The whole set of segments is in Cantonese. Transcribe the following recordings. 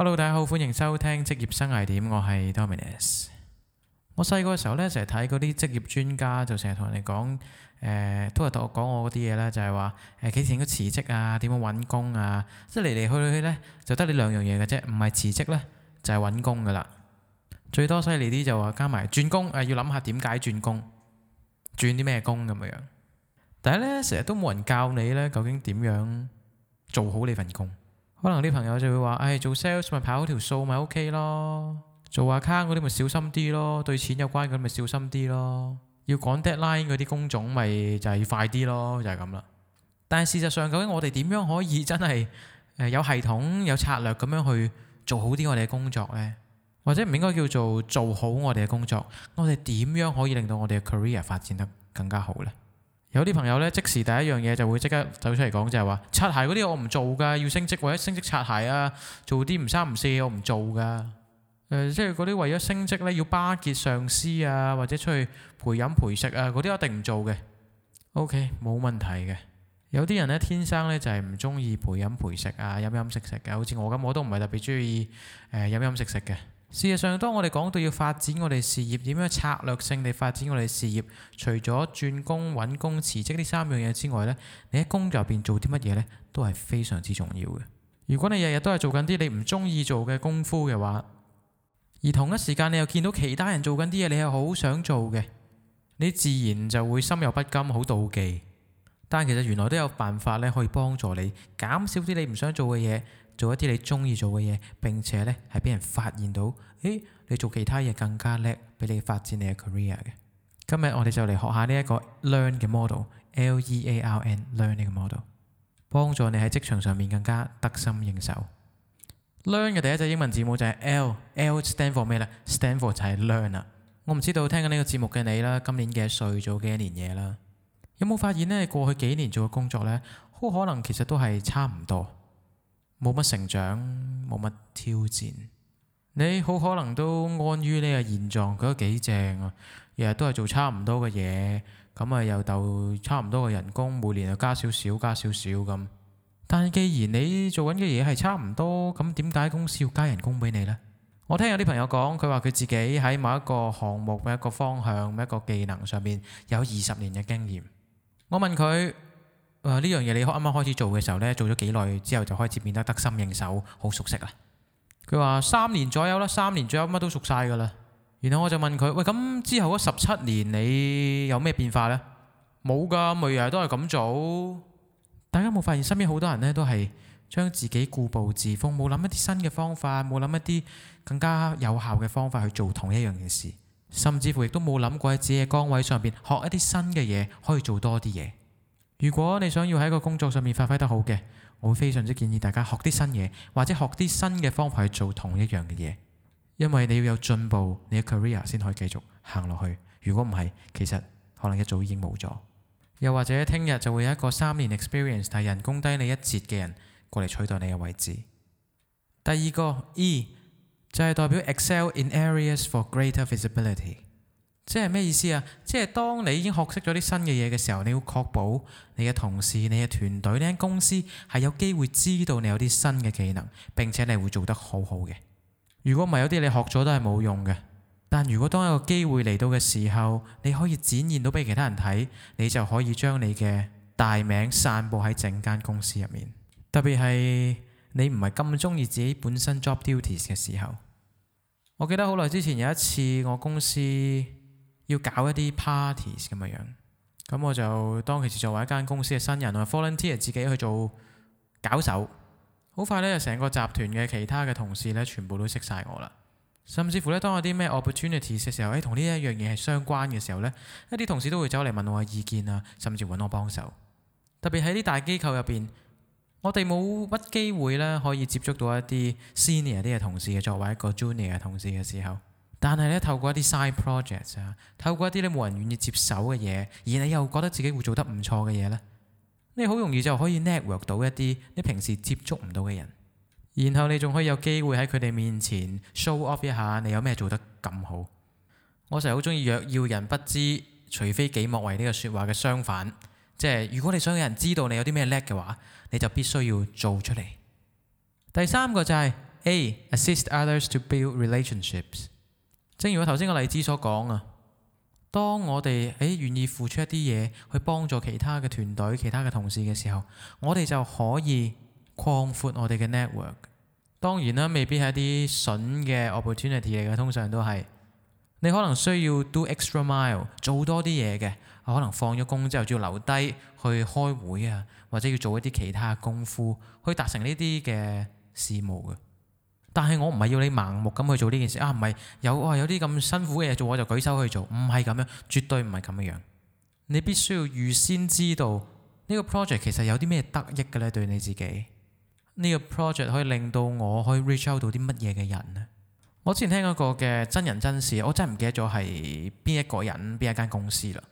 hello，大家好，歡迎收聽職業生涯點，我係 Dominus。我細個嘅時候呢，成日睇嗰啲職業專家，就成日同人哋講，誒，都係同我講我嗰啲嘢啦，就係話，誒，幾時應該辭職啊？點樣揾工啊？即係嚟嚟去去呢，就得你兩樣嘢嘅啫，唔係辭職呢，就係揾工噶啦。最多犀利啲就話加埋轉工，誒，要諗下點解轉工，轉啲咩工咁樣。但係呢，成日都冇人教你呢，究竟點樣做好呢份工？可能啲朋友就會話：唉、哎，做 sales 咪跑好條數咪 OK 咯，做 account 嗰啲咪小心啲咯，對錢有關嗰啲咪小心啲咯。要趕 deadline 嗰啲工種咪就係要快啲咯，就係咁啦。但係事實上，究竟我哋點樣可以真係有系統、有策略咁樣去做好啲我哋嘅工作呢？或者唔應該叫做做好我哋嘅工作？我哋點樣可以令到我哋嘅 career 發展得更加好呢？有啲朋友呢，即時第一樣嘢就會即刻走出嚟講，就係話擦鞋嗰啲我唔做㗎，要升職或者升職擦鞋啊，做啲唔三唔四我唔做㗎，呃，即係嗰啲為咗升職呢，要巴結上司啊，或者出去陪飲陪食啊，嗰啲我一定唔做嘅。OK，冇問題嘅。有啲人呢，天生呢，就係唔中意陪飲陪食啊，飲飲食食嘅。好似我咁，我都唔係特別中意誒飲飲食食嘅。呃喝喝式式事實上，當我哋講到要發展我哋事業，點樣策略性地發展我哋事業，除咗轉工、搵工、辭職呢三樣嘢之外呢，你喺工作入邊做啲乜嘢呢？都係非常之重要嘅。如果你日日都係做緊啲你唔中意做嘅功夫嘅話，而同一時間你又見到其他人做緊啲嘢，你係好想做嘅，你自然就會心有不甘，好妒忌。但其實原來都有辦法咧，可以幫助你減少啲你唔想做嘅嘢，做一啲你中意做嘅嘢，並且咧係俾人發現到，誒、欸、你做其他嘢更加叻，俾你發展你嘅 career 嘅。今日我哋就嚟學下呢一個 learn 嘅 model，L-E-A-R-N，learn、e、呢個 model，幫助你喺職場上面更加得心應手。Learn 嘅第一隻英文字母就係 L，L stand for 咩呢？Stand for 就係 learn 啦。我唔知道聽緊呢個節目嘅你啦，今年幾多歲，做幾多年嘢啦？有冇發現呢？你過去幾年做嘅工作呢，好可能其實都係差唔多，冇乜成長，冇乜挑戰。你好可能都安於呢個現狀，覺得幾正啊！日日都係做差唔多嘅嘢，咁啊又就差唔多嘅人工，每年又加少少，加少少咁。但既然你做緊嘅嘢係差唔多，咁點解公司要加人工俾你呢？我聽有啲朋友講，佢話佢自己喺某一個項目、某一個方向、某一個技能上面有二十年嘅經驗。我問佢，誒呢樣嘢你啱啱開始做嘅時候呢，做咗幾耐之後就開始變得得心應手，好熟悉啦。佢話三年左右啦，三年左右乜都熟晒噶啦。然後我就問佢，喂，咁之後嗰十七年你有咩變化呢？冇噶，咪日日都係咁做。大家冇發現身邊好多人呢，都係將自己固步自封，冇諗一啲新嘅方法，冇諗一啲更加有效嘅方法去做同一樣嘅事。甚至乎亦都冇諗過喺自己嘅崗位上邊學一啲新嘅嘢，可以做多啲嘢。如果你想要喺個工作上面發揮得好嘅，我非常之建議大家學啲新嘢，或者學啲新嘅方法去做同一樣嘅嘢，因為你要有進步，你嘅 career 先可以繼續行落去。如果唔係，其實可能一早已經冇咗。又或者聽日就會有一個三年 experience 但人工低你一截嘅人過嚟取代你嘅位置。第二個 E。就係代表 Excel in areas for greater visibility，即係咩意思啊？即係當你已經學識咗啲新嘅嘢嘅時候，你要確保你嘅同事、你嘅團隊、呢間公司係有機會知道你有啲新嘅技能，並且你會做得好好嘅。如果唔係，有啲你學咗都係冇用嘅。但如果當一個機會嚟到嘅時候，你可以展現到俾其他人睇，你就可以將你嘅大名散佈喺整間公司入面，特別係，你唔係咁中意自己本身 job duties 嘅時候，我記得好耐之前有一次，我公司要搞一啲 parties 咁嘅樣，咁我就當其時作為一間公司嘅新人，我 volunteer 自己去做搞手。好快呢，就成個集團嘅其他嘅同事呢，全部都識晒我啦。甚至乎呢，當有啲咩 opportunities 嘅時候，誒同呢一樣嘢係相關嘅時候呢，一啲同事都會走嚟問我意見啊，甚至揾我幫手。特別喺啲大機構入邊。我哋冇乜機會咧，可以接觸到一啲 senior 啲嘅同事嘅，作為一個 junior 嘅同事嘅時候。但係咧，透過一啲 side projects 啊，透過一啲你冇人願意接手嘅嘢，而你又覺得自己會做得唔錯嘅嘢呢，你好容易就可以 network 到一啲你平時接觸唔到嘅人。然後你仲可以有機會喺佢哋面前 show off 一下，你有咩做得咁好我。我成日好中意若要人不知，除非己莫為呢個説話嘅相反。即係如果你想有人知道你有啲咩叻嘅話，你就必須要做出嚟。第三個就係、是、A Assist others to build relationships。正如我頭先個例子所講啊，當我哋誒、欸、願意付出一啲嘢去幫助其他嘅團隊、其他嘅同事嘅時候，我哋就可以擴闊我哋嘅 network。當然啦，未必係一啲筍嘅 opportunity 嚟嘅，通常都係。你可能需要 do extra mile，做多啲嘢嘅，可能放咗工之後仲要留低去開會啊，或者要做一啲其他功夫，去達成呢啲嘅事務嘅。但係我唔係要你盲目咁去做呢件事啊，唔係有哇、啊、有啲咁辛苦嘅嘢做我就舉手去做，唔係咁樣，絕對唔係咁樣。你必須要預先知道呢個 project 其實有啲咩得益嘅呢？對你自己，呢個 project 可以令到我可以 reach out 到啲乜嘢嘅人咧。我之前聽過嘅真人真事，我真係唔記得咗係邊一個人、邊一間公司啦。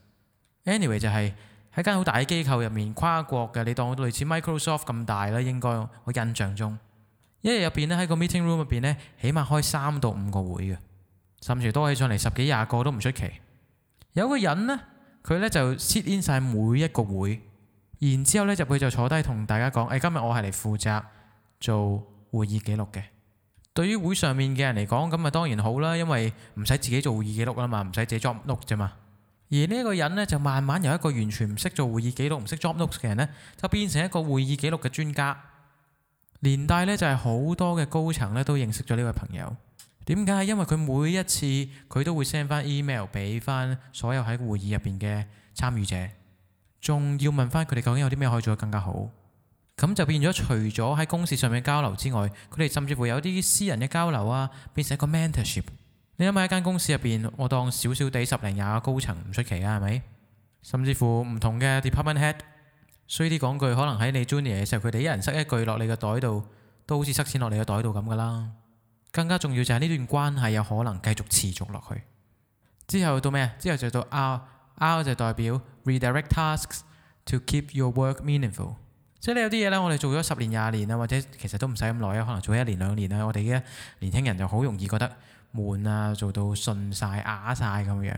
Anyway 就係喺間好大嘅機構入面，跨國嘅，你當我類似 Microsoft 咁大啦，應該我印象中，一日入邊呢，喺個 meeting room 入邊呢，起碼開三到五個會嘅，甚至多起上嚟十幾廿個都唔出奇。有個人呢，佢呢就 sit in 晒每一個會，然之後呢入去就坐低同大家講：誒、哎、今日我係嚟負責做會議記錄嘅。對於會上面嘅人嚟講，咁啊當然好啦，因為唔使自己做會議記錄啦嘛，唔使自己作 job note 啫嘛。而呢一個人呢，就慢慢由一個完全唔識做會議記錄、唔識 job note 嘅人呢，就變成一個會議記錄嘅專家。連帶呢，就係好多嘅高層呢都認識咗呢位朋友。點解？因為佢每一次佢都會 send 翻 email 俾翻所有喺會議入邊嘅參與者，仲要問翻佢哋究竟有啲咩可以做得更加好。咁就變咗，除咗喺公事上面交流之外，佢哋甚至乎有啲私人嘅交流啊，變成一個 mentorship。你諗下，一間公司入邊，我當少少地十零廿個高層唔出奇啊，係咪？甚至乎唔同嘅 department head，衰啲講句，可能喺你 junior 嘅時候，佢哋一人塞一句落你個袋度，都好似塞錢落你個袋度咁噶啦。更加重要就係呢段關係有可能繼續持續落去。之後到咩啊？之後就到 out，out 就代表 redirect tasks to keep your work meaningful。即係你有啲嘢呢，我哋做咗十年廿年啊，或者其實都唔使咁耐啊，可能做一年兩年啊。我哋嘅年輕人就好容易覺得悶啊，做到順晒、啞晒咁樣。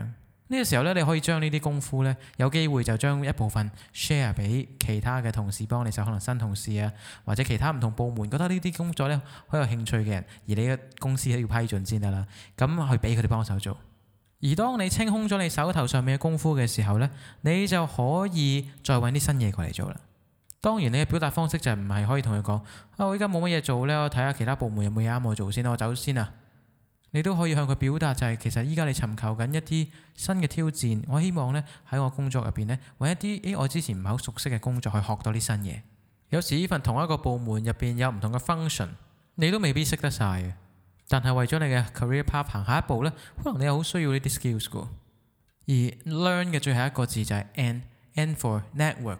呢個時候呢，你可以將呢啲功夫呢，有機會就將一部分 share 俾其他嘅同事幫你手，可能新同事啊，或者其他唔同部門覺得呢啲工作呢好有興趣嘅人，而你嘅公司都要批准先得啦。咁去俾佢哋幫手做。而當你清空咗你手頭上面嘅功夫嘅時候呢，你就可以再揾啲新嘢過嚟做啦。當然，你嘅表達方式就係唔係可以同佢講啊，我依家冇乜嘢做呢，我睇下其他部門有冇啱我做先啦，我先走先啦。你都可以向佢表達，就係，就係其實依家你尋求緊一啲新嘅挑戰。我希望呢，喺我工作入邊呢，揾一啲誒我之前唔係好熟悉嘅工作去學到啲新嘢。有時呢份同一個部門入邊有唔同嘅 function，你都未必識得晒嘅。但係為咗你嘅 career path 行下一步呢，可能你又好需要呢啲 skills 噶。而 learn 嘅最後一個字就係 n，n for network。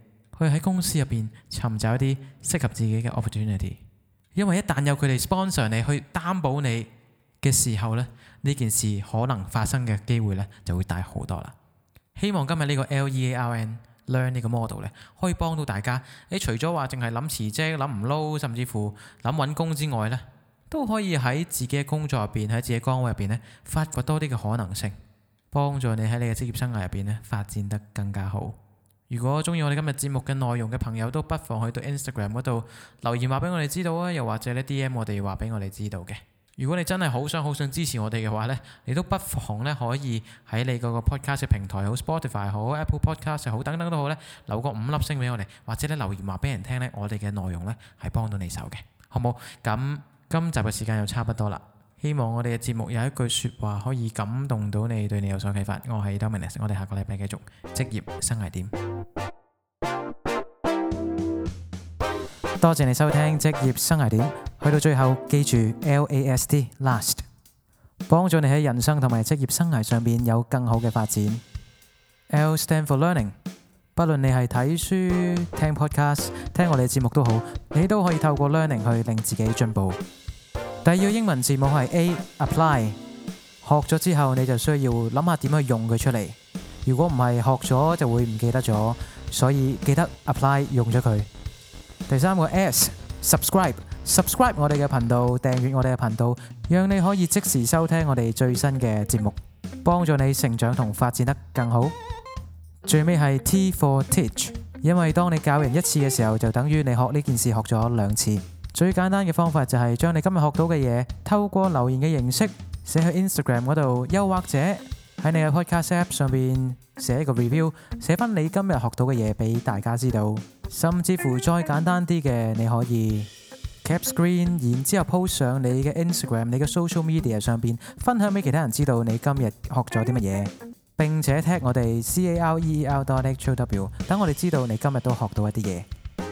佢喺公司入邊尋找一啲適合自己嘅 opportunity，因為一旦有佢哋 sponsor 你去擔保你嘅時候咧，呢件事可能發生嘅機會咧就會大好多啦。希望今日呢個 LEARN learn 呢個 model 咧，可以幫到大家。你除咗話淨係諗辭職、諗唔撈，甚至乎諗搵工之外咧，都可以喺自己嘅工作入邊、喺自己嘅崗位入邊咧，發掘多啲嘅可能性，幫助你喺你嘅職業生涯入邊咧發展得更加好。如果中意我哋今日節目嘅內容嘅朋友，都不妨去到 Instagram 嗰度留言話俾我哋知道啊，又或者呢 DM 我哋話俾我哋知道嘅。如果你真係好想好想支持我哋嘅話呢，你都不妨呢可以喺你嗰個 Podcast 平台，好 Spotify 好 Apple Podcast 好等等都好呢，留個五粒星俾我哋，或者呢留言話俾人聽呢我哋嘅內容呢，係幫到你手嘅，好冇？咁今集嘅時間又差不多啦。希望我哋嘅節目有一句說話可以感動到你，對你有所啟發。我係 Dominus，我哋下個禮拜繼續職業生涯點。多謝你收聽職業生涯點，去到最後記住 L A S T last，幫助你喺人生同埋職業生涯上邊有更好嘅發展。L stand for learning，不論你係睇書、聽 podcast、聽我哋嘅節目都好，你都可以透過 learning 去令自己進步。第二個英文字母係 A，Apply。學咗之後，你就需要諗下點去用佢出嚟。如果唔係學咗就會唔記得咗，所以記得 Apply 用咗佢。第三個 S，Subscribe，Subscribe 我哋嘅頻道，訂閱我哋嘅頻道，讓你可以即時收聽我哋最新嘅節目，幫助你成長同發展得更好。最尾係 T for Teach，因為當你教人一次嘅時候，就等於你學呢件事學咗兩次。最簡單嘅方法就係將你今日學到嘅嘢透過留言嘅形式寫去 Instagram 嗰度，又或者喺你嘅 Podcast app 上邊寫一個 review，寫翻你今日學到嘅嘢俾大家知道。甚至乎再簡單啲嘅，你可以 cap screen，然之後 po 上你嘅 Instagram、你嘅 social media 上邊分享俾其他人知道你今日學咗啲乜嘢，並且 tag 我哋 c a r e e r dot h o w，等我哋知道你今日都學到一啲嘢。